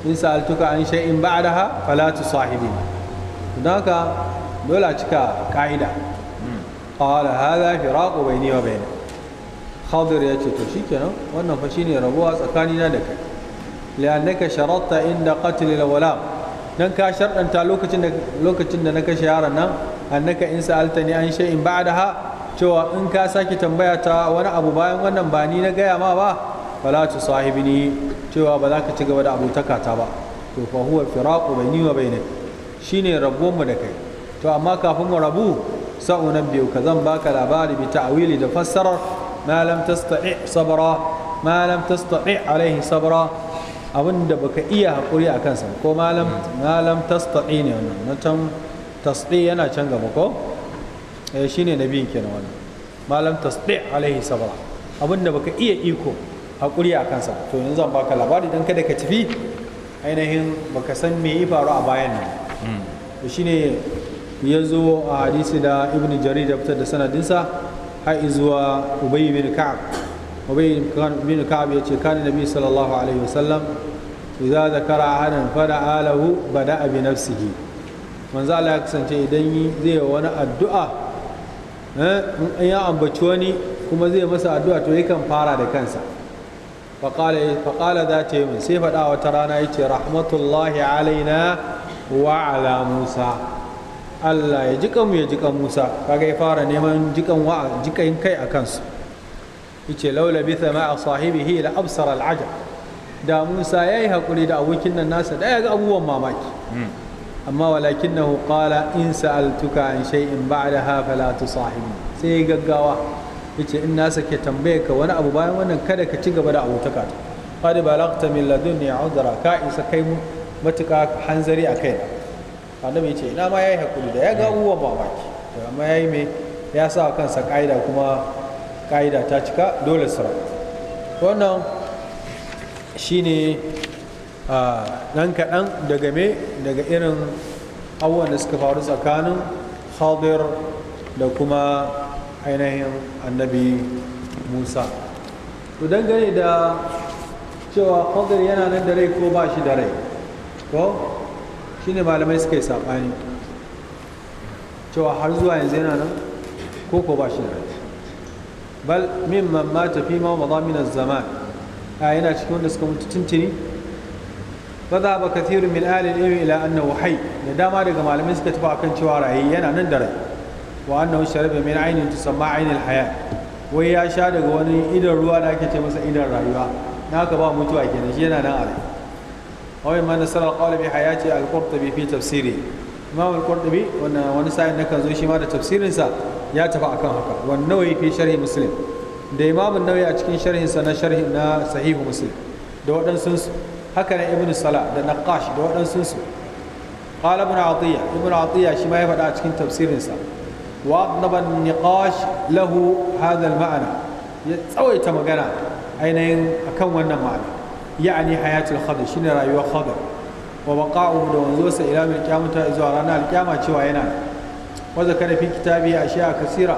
in sa'altuka an shay'in ba'daha fala tusahibi don haka dole a cika ka'ida qala hadha firaqu bayni wa bayna khadir ya ce to shikenan wannan fa shine rabuwa tsakanina da kai li'annaka sharatta inda qatl al-wala dan ka sharɗanta lokacin da lokacin da na kashe yaron nan annaka in sa'alta ni an shay'in ba'daha cewa in ka sake tambaya ta wani abu bayan wannan ba ni na gaya ma ba fala tu sahibini cewa ba za ka ci gaba da abutaka ta ba to fa huwa firaqu bayni wa bainak shine rabuwanmu da kai to amma kafin mu rabu sa'unan biyu ka zan baka labari bi ta'wili da fassarar ma lam tastati sabra ma lam tastati alaihi sabra abinda baka iya hakuri a kansa ko ma lam ma lam tastati ne wannan na can tasdi yana can gaba ko eh shine nabiyin kenan wannan ma lam tastati alaihi sabra abinda baka iya iko hakuri a kansa to yanzu zan baka labari dan kada ka tafi ainihin baka san me ya faru a bayan nan ne ya zo a hadisi da ibn jarir da fitar da sanadinsa har zuwa ubay bin ka'ab ubay bin ka'ab ya ce kana nabi sallallahu alaihi wasallam idza zakara ahadan fada alahu bada bi nafsihi manzo Allah ya kasance idan zai wani addu'a eh, in ya ambaci wani kuma zai masa addu'a to yakan fara da kansa faƙala za ta yi sai faɗa wata rana ya ce rahmatullahi alaina wa ala musa allah ya jika mu ya jika musa kaga ya fara neman jikan wa jikan kai a kansu yace laula bitha ma'a sahibihi la absara al'ajab da musa yayi hakuri da abokin nan nasa da ya ga abubuwan mamaki hmm. amma walakinahu qala in sa'altuka an shay'in ba'daha fala tusahibi sai gaggawa yace in na sake tambaye ka wani abu bayan wannan kada ka ci gaba da abotaka qad balagta min ladunni udra ka isa kai mu matuƙa hanzari a kai annabi ce ina ma ya yi haƙuri da ya ga abubuwan mamaki amma ya yi mai ya sa a kansa ƙa'ida kuma ƙa'ida ta cika dole sura wannan shi ne ɗan kaɗan daga me daga irin abubuwan da suka faru tsakanin khadir da kuma ainihin annabi musa to dangane da cewa khadir yana nan da rai ko ba shi da rai ko shi ne malamai suka yi saɓani cewa har zuwa yanzu yana nan ko ko ba shi nan bal min mamma tafi ma maza min zaman a yana cikin wanda suka mutu tuntuni فذهب كثير من آل ila إلى أنه da dama daga malamai suka tafi akan cewa rayi yana nan da rai wa annahu shariba min aynin tusamma aynil haya wai ya sha daga wani idan ruwa da ake ce masa idan rayuwa Na naka ba mutuwa kenan shi yana nan a rai wai ma nasar alqalabi hayati alqurtubi fi tafsiri imam alqurtubi wannan wani sa'in na kan zo shi ma da tafsirinsa ya tafi akan haka wani nawawi fi sharhi muslim da imam nawawi a cikin sharhinsa na sharhi na sahihu muslim da waɗansu haka na ibnu sala da naqash da waɗansu su qala ibnu atiya ibnu atiya shi ma ya faɗa a cikin tafsirinsa wa adnaba niqash lahu hadha al-ma'na ya tsawaita magana ainihin akan wannan ma'ana ya'ani hayatul khadr shine rayuwar khadr wa baqa'u da wanzuwarsa ila bil qiyamata zuwa ranar alkiyama cewa yana wa zakara fi kitabi ashiya kasira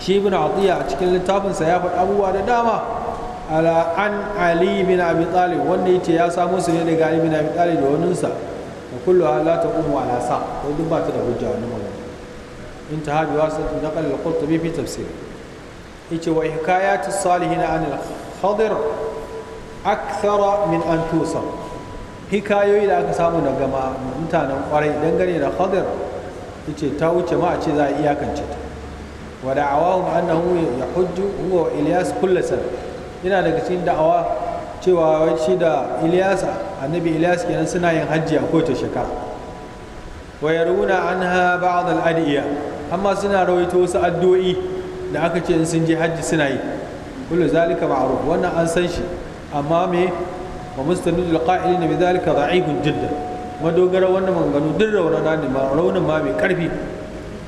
shi ibn atiya a cikin littafinsa ya faɗi abubuwa da dama ala an ali bin abi talib wanda yace ya samu su ne daga ali bin abi talib da waninsa wa kullu la taqumu ala sa ko duk ba ta da hujja wannan magana intaha bi wasat naqal al-qurtubi fi tafsir yace wa hikayatu salihin anil khadir akthara min an tusam hikayoyi da aka samu da daga mutanen kwarai dangane da khadir yace ta wuce ma a ce za a iyakance ta wa da'awahum annahu yahujju huwa wa ilyas kullu sana yana daga cikin da'awa cewa shi da ilyas annabi ilyas kenan suna yin hajji a kowace shekara wa yaruna anha ba'd al-adiya amma suna rawaita wasu addu'o'i da aka ce in sun je hajji suna yi kullu zalika ma'ruf wannan an san shi amma me wa mustanidul qa'ilina bi zalika da'ifun jiddan madogara wannan manganu duk raunana ne ma raunin ma mai karfi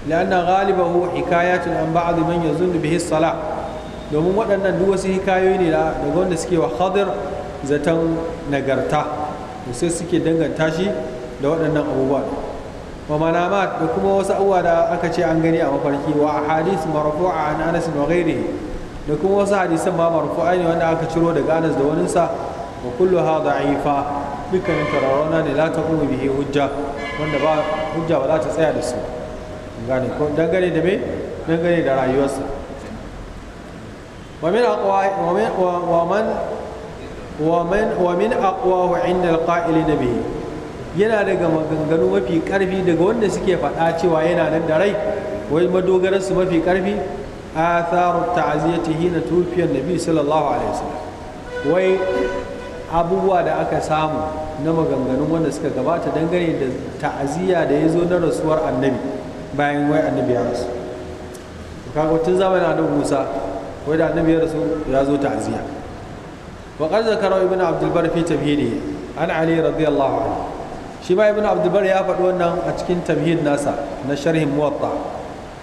la'anna ghalibahu hikayatun an ba'd man yazunnu bihi salah domin waɗannan duk wasu hikayoyi ne daga wanda suke wa zaton nagarta sai suke danganta shi da waɗannan abubuwa wa manamat da kuma wasu abubuwa da aka ce an gani a mafarki wa a marfu'a an Anas wa ghairihi da kuma wasu hadisan ma marfu'a ne wanda aka ciro daga Anas da wani sa wa kulluha da'ifa dukkanin tarawana ne la taqumu bihi hujja wanda hujja ba za ta tsaya da su dangane da me dangane da rayuwarsa wa min inda yana daga maganganu mafi karfi daga wanda suke faɗa cewa yana nan da rai wai madogararsu mafi karfi tsarar ta'aziyyar hina tufiyar nabi sallallahu alaihi wasallam wai abubuwa da aka samu na maganganun wanda suka gabata dangane da ta'aziyya da ya zo na rasuwar annabi bayan wai annabi ya rasu kaga tun zamanin annabi Musa wai da annabi ya rasu ya zo ta'aziyya wa qad zakara ibn abdul bar fi tabhidi an ali radiyallahu anhu shi ma ibn abdulbar ya faɗi wannan a cikin tabhid nasa na sharhin muwatta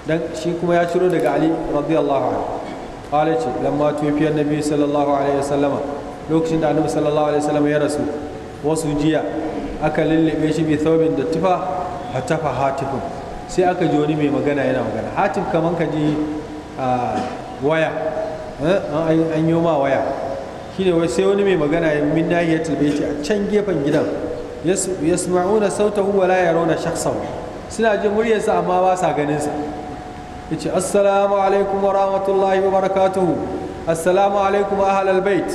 dan shi kuma ya ciro daga ali radiyallahu anhu qala ce lamma tufiya nabi sallallahu alaihi wasallam lokacin da annabi sallallahu alaihi wasallam ya rasu wasu jiya aka lullube shi bi thawbin da tufa hatafa hatifun sai aka ji wani mai magana yana magana hatif kaman ka ji waya eh, an yi ma waya shine wai sai wani mai magana ya ya nahiyatul shi a can gefen gidan yasma'una sautahu wa la yarawna shakhsahu suna jin muryarsa amma ba sa ganin sa yace assalamu alaikum wa rahmatullahi wa barakatuhu assalamu alaikum ahlal bait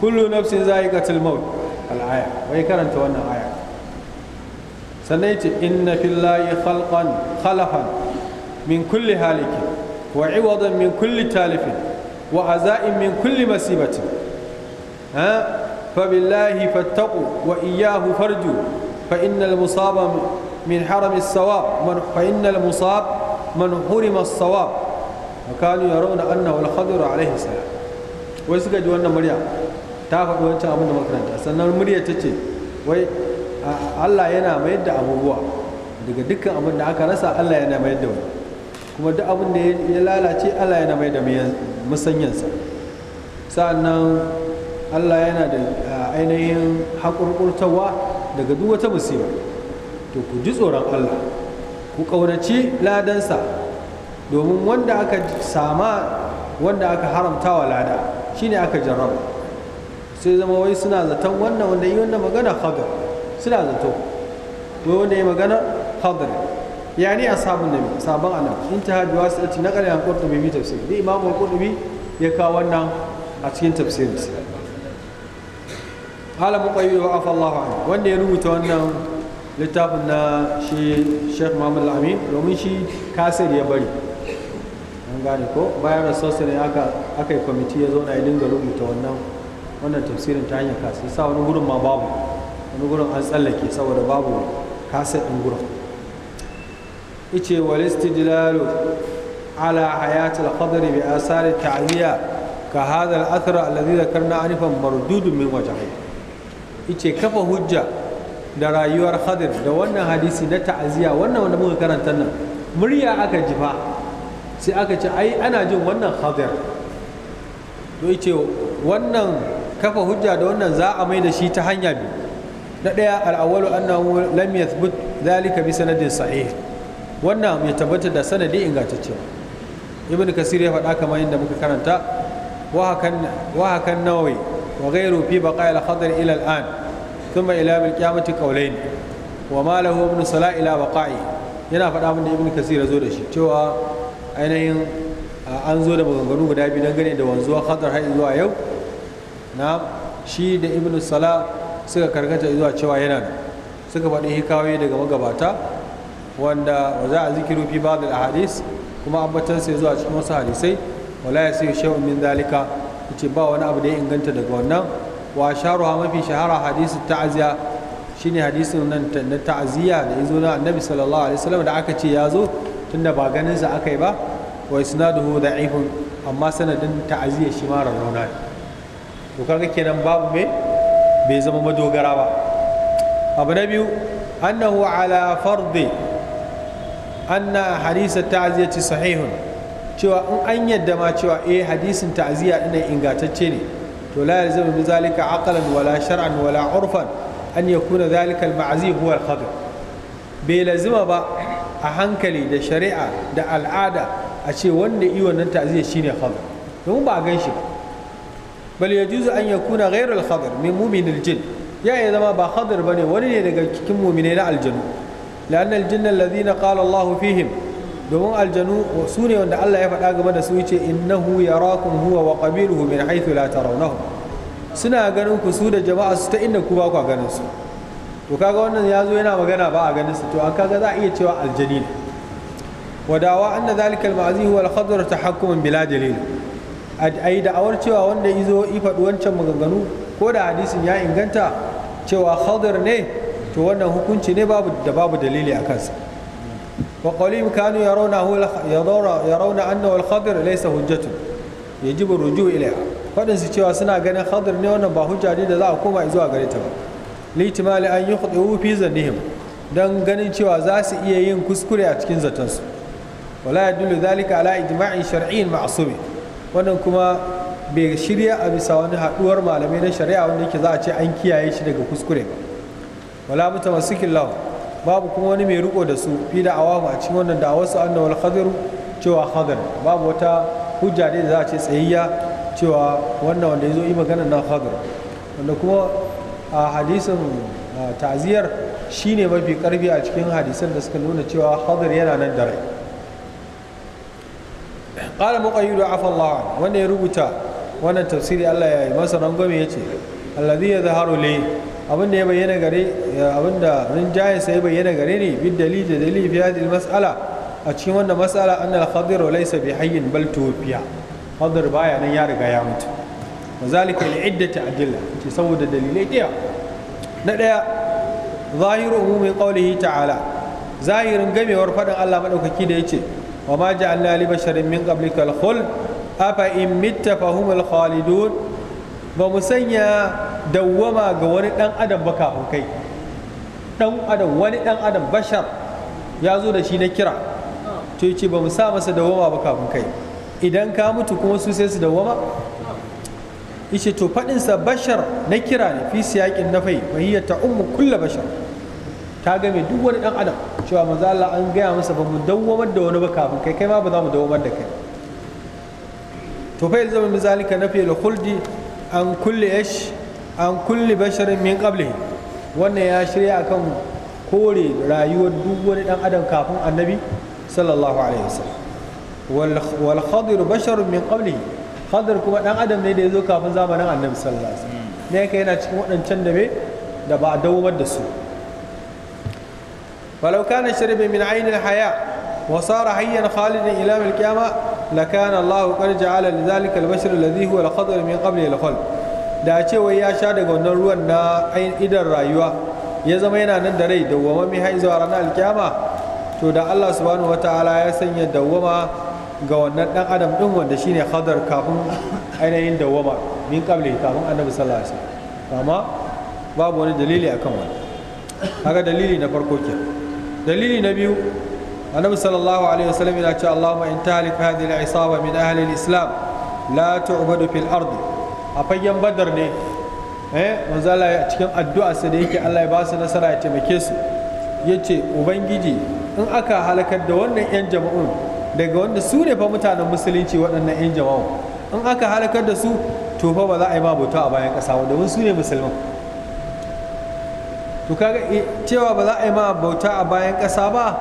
kullu nafsin za'iqatul maut al-aya wai karanta wannan aya sannan yace inna fillahi khalqan khalafan min kulli halikin wa iwadan min kulli talifin wa aza'in min kulli masibatin ha فبالله فاتقوا وإياه فارجوا فإن المصاب من حرم الصواب من فإن المصاب من حرم الصواب وكانوا يرون أنه الخضر عليه السلام ويسكا جوانا مريا تافت وانتا أمنا مكرانتا سنة المريا تتشي وي الله ينا ميد أبوه daga dukkan abin da aka rasa Allah yana mai da wani kuma duk abin da ya lalace Allah yana mai da musanyansa sa'annan allah yana da ainihin haƙurƙurtawa daga duk wata musiba to ku ji tsoron allah ku ƙaunaci ladansa domin wanda aka sama wanda aka haramta wa lada shine aka jarraba sai zama wai suna zaton wannan wanda yi wannan magana hadar suna zato wai wanda yi magana hadar ya ne a sabon nabi sabon annabi in ta hajjuwa su na ƙarya an ƙurɗubi bi tafsiri da imamu ƙurɗubi ya kawo wannan a cikin tafsirinsa malamin ƙwayoyi wa afallahu an wanda ya rubuta wannan littafin na shi sheikh muhammad amin domin shi kasir ya bari an gane ko bayan rasosa ne aka yi kwamiti ya zo na ya dinga rubuta wannan wannan tafsirin ta hanyar kasir sa wani gurin ma babu wani gurin an tsallake saboda babu kasir ɗin gurin ice walistidlalu على حياة القدر بآثار التعزية كهذا الأثر الذي ذكرنا عنه مردود من وجهين ce kafa hujja da rayuwar hadir da wannan hadisi na ta'aziyya wannan wanda muka karanta nan murya aka ji fa sai aka ce ai ana jin wannan hadir to wannan kafa hujja da wannan za a mai da shi ta hanya biyu na ɗaya al'awwalu annahu lam yathbut dhalika bi sanadin sahih wannan ya tabbata da sanadi ingantacce ibn kasir ya faɗa kamar yadda muka karanta wa hakan nawawi وغيره في بقاء الخضر إلى الآن ثم إلى يوم القيامة قولين وما له ابن صلاة إلى بقائه yana faɗa min da ibn kasir zo da shi cewa ainihin an zo da maganganu guda biyu dangane da wanzuwa hadar har zuwa yau na shi da ibn sala suka karkata zuwa cewa yana suka faɗi hikayoyi daga magabata wanda wa za a zikiru fi ba da hadis kuma ambatansa zuwa cikin wasu hadisai wala ya sai shehun min dalika yace ba wani abu da ya inganta daga wannan wa sharuha mafi shahara hadisi ta'aziya shine hadisin nan na ta'aziya da yazo na annabi sallallahu alaihi wasallam da aka ce ya zo tunda ba ganin sa akai ba wa isnaduhu da'ifun amma sanadin ta'aziya shi ma rauna ne to kaga kenan babu me bai zama madogara ba abu na biyu annahu ala fardi anna hadisa ta'ziyati sahihun cewa in an yadda ma cewa eh hadisin ta'aziyya dinnan ingantacce ne to la yalzamu bi zalika aqlan wala shar'an wala urfan an yakuna zalika al-ma'zi huwa al-khabr bai lazima ba a hankali da shari'a da al'ada a ce wanda yi wannan ta'aziyya shine khabr domin ba a gan shi bal yajuzu an yakuna ghayru al-khabr min mu'min al-jinn ya ya zama ba khadir bane wani ne daga cikin mu'minai na aljannu la'anna al-jinna alladhina qala Allahu fihim domin aljanu su ne wanda Allah ya faɗa game da su yace innahu yarakum huwa wa qabiluhu min haythu la suna ganin ku su da jama'a su ta inda ku ba ku ganin su to kaga wannan ya zo yana magana ba a ganin su to an kaga za a iya cewa aljani ne wadawa anna zalika al-ma'zi huwa al-khadr tahakkuman bila dalil ai awar cewa wanda izo faɗi wancan maganganu ko da hadisin ya inganta cewa khadr ne to wannan hukunci ne babu da babu dalili a kansa وقولهم كانوا يرونه يرون أنه الخضر ليس hujjatu يجب الرجوع إليها faɗin su cewa suna ganin khadir ne wannan ba hujja ne da za a koma zuwa gare ta ba litimali an yi hudu fi zanihim don ganin cewa za su iya yin kuskure a cikin zatonsu wala ya dulu zalika ala ijma'in shar'in ma'asumi wannan kuma bai shirya a bisa wani haɗuwar malamai na shari'a wanda yake za ce an kiyaye shi daga kuskure wala mutamassikillahu babu kuma wani mai riko da su fi da awahu a cikin wannan da wasu da al cewa khadir babu wata hujja ne da za a ce tsayayya cewa wannan wanda ya zo yi magana na khadir wanda kuma a hadisin ta'ziyar shine mafi karfi a cikin hadisan da suka nuna cewa khadir yana nan da rai qala muqayyidu afa Allah wanda ya rubuta wannan tafsiri Allah ya yi masa rangwame yace alladhi yadhharu li abin da ya bayyana gare abin da rinjaye sai bayyana gare ne bi dalil da dalil fi hadhihi mas'ala a cikin wannan mas'ala anna al-khadir laysa bi hayyin bal tufiya khadir baya nan ya riga ya mutu wazalika al-iddatu adilla ce saboda dalilai daya na daya zahiruhu min qawlihi ta'ala zahirin gamewar fadin Allah madaukaki da yace wa ma ja'alna li basharin min qablikal khuld afa in mitta fahumul khalidun ba mu sanya dawwama ga wani ɗan adam ba kafin kai ɗan adam wani ɗan adam bashar ya zo da shi na kira to ce ba mu sa masa dawwama ba kafin kai idan ka mutu kuma su sai su dawwama yace to faɗinsa bashar na kira ne fi siyaƙin na fai wahiyar ta ummu kulla bashar ta game duk wani ɗan adam cewa manzo Allah an gaya masa ba mu dawwamar da wani ba kafin kai kai ma ba za mu dawwamar da kai to fa yanzu mun zalika nafi al-khuldi an kulli ish an kulli basharin min qabli wannan ya shirya akan kore rayuwar duk wani dan adam kafin annabi sallallahu alaihi wasallam wal khadir basharun min qabli khadir kuma dan adam ne da ya zo kafin zamanin annabi sallallahu alaihi wasallam ne kai yana cikin wadancan da me da ba a dawowar da su walau kana sharibi min ainil haya وصار حيا خالدا الى يوم القيامه لكان الله قد جعل لذلك البشر الذي هو الخضر من قبل الخلق da a cewa ya sha daga wannan ruwan na idan rayuwa ya zama yana nan da rai dawwama mai har zuwa ranar alkiyama to da Allah subhanahu wataala ya sanya dawwama ga wannan dan adam din wanda shine khadar kafin ainihin dawwama min qabli kafin annabi sallallahu alaihi wasallam amma babu wani dalili akan wani kaga dalili na farko ke dalili na biyu annabi sallallahu alaihi wasallam yana cewa Allahumma in tahlik hadhihi al-isaba min ahli al-islam la tu'badu fil ardi a fagen badar ne eh manzala a cikin addu'arsa da yake Allah ya ba su nasara ya taimake su yace ubangiji in aka halakar da wannan yan jama'un daga wanda su ne fa mutanen musulunci waɗannan yan jama'un in aka halakar da su to fa ba za a yi ma bauta a bayan ƙasa domin su ne musulman to kaga eh, cewa ba za a yi ma bauta a bayan ƙasa ba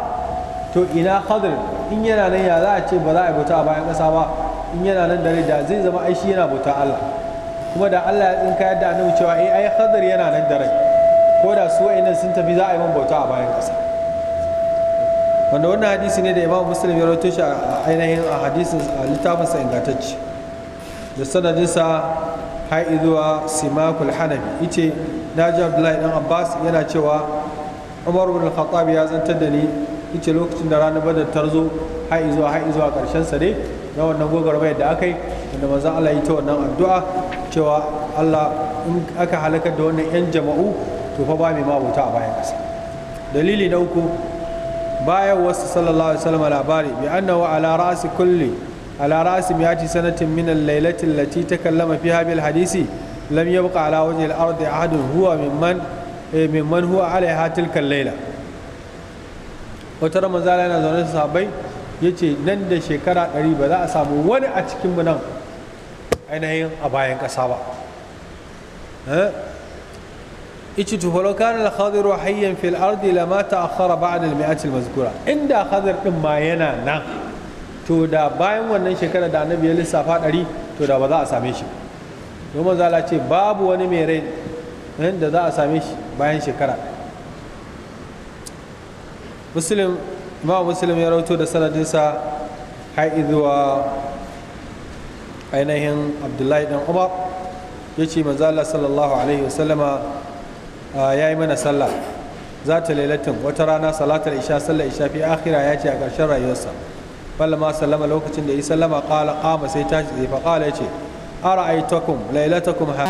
to ina hadir in yana nan ya za a ce ba za a yi bauta a bayan ƙasa ba in yana nan dare da zai zama aishi yana bauta Allah kuma da Allah ya tsinka yadda annabi cewa eh ai Khadr yana nan da rai ko da su wa'annan sun tafi za a yi man bauta a bayan ƙasa wanda wannan hadisi ne da Imam Muslim ya rawaito shi a ainihin a hadisin a littafin sa ingantacce da sanadin sa har izuwa Simakul Hanafi yace Naji Abdullahi dan Abbas yana cewa Umar ibn Khattab ya zantar da ni yace lokacin da ranar Badar ta zo har izuwa har izuwa karshen sa ne na wannan gogarmayar da aka yi wanda manzon Allah ya ta wannan addu'a cewa Allah in aka halakar da wannan 'yan jama'u to fa ba mai mabuta a bayan ƙasa dalili na uku bayan wasu sallallahu alaihi wasallam labari bi annahu ala ra'si kulli ala ra'si ci sanatin min al-lailati allati takallama fiha bil hadisi lam yabqa ala wajhi al-ardi ahadun huwa mimman eh, mimman huwa alaiha tilka al-laila wata ramazana yana zaune sahabbai yace nan da shekara 100 ba za a samu wani a cikin mu nan ainihin a bayan ƙasa ba eh? ichi tufalo kanin al-khadiru hayyan fil ardi lama ta'akhkhara ba'da al-mi'ati al-mazkura inda khadir din ma yana nan to da bayan wannan shekara da annabi ya lissafa ɗari to da ba za a same shi domin zala ce babu wani mai rai eh, da za a same shi bayan shekara muslim imam muslim ya rauto da sanadinsa har zuwa ainihin abdullahi dan umar ya ce manzala sallallahu alaihi wasallama ah, ya yi mana sallah za ta lailatin wata rana salatar isha sallar isha fi akhira ya ce a ƙarshen rayuwarsa ma sallama lokacin da ya sallama ƙala ƙama sai tashi zai faƙala ya ce ara'aitakum lailatakum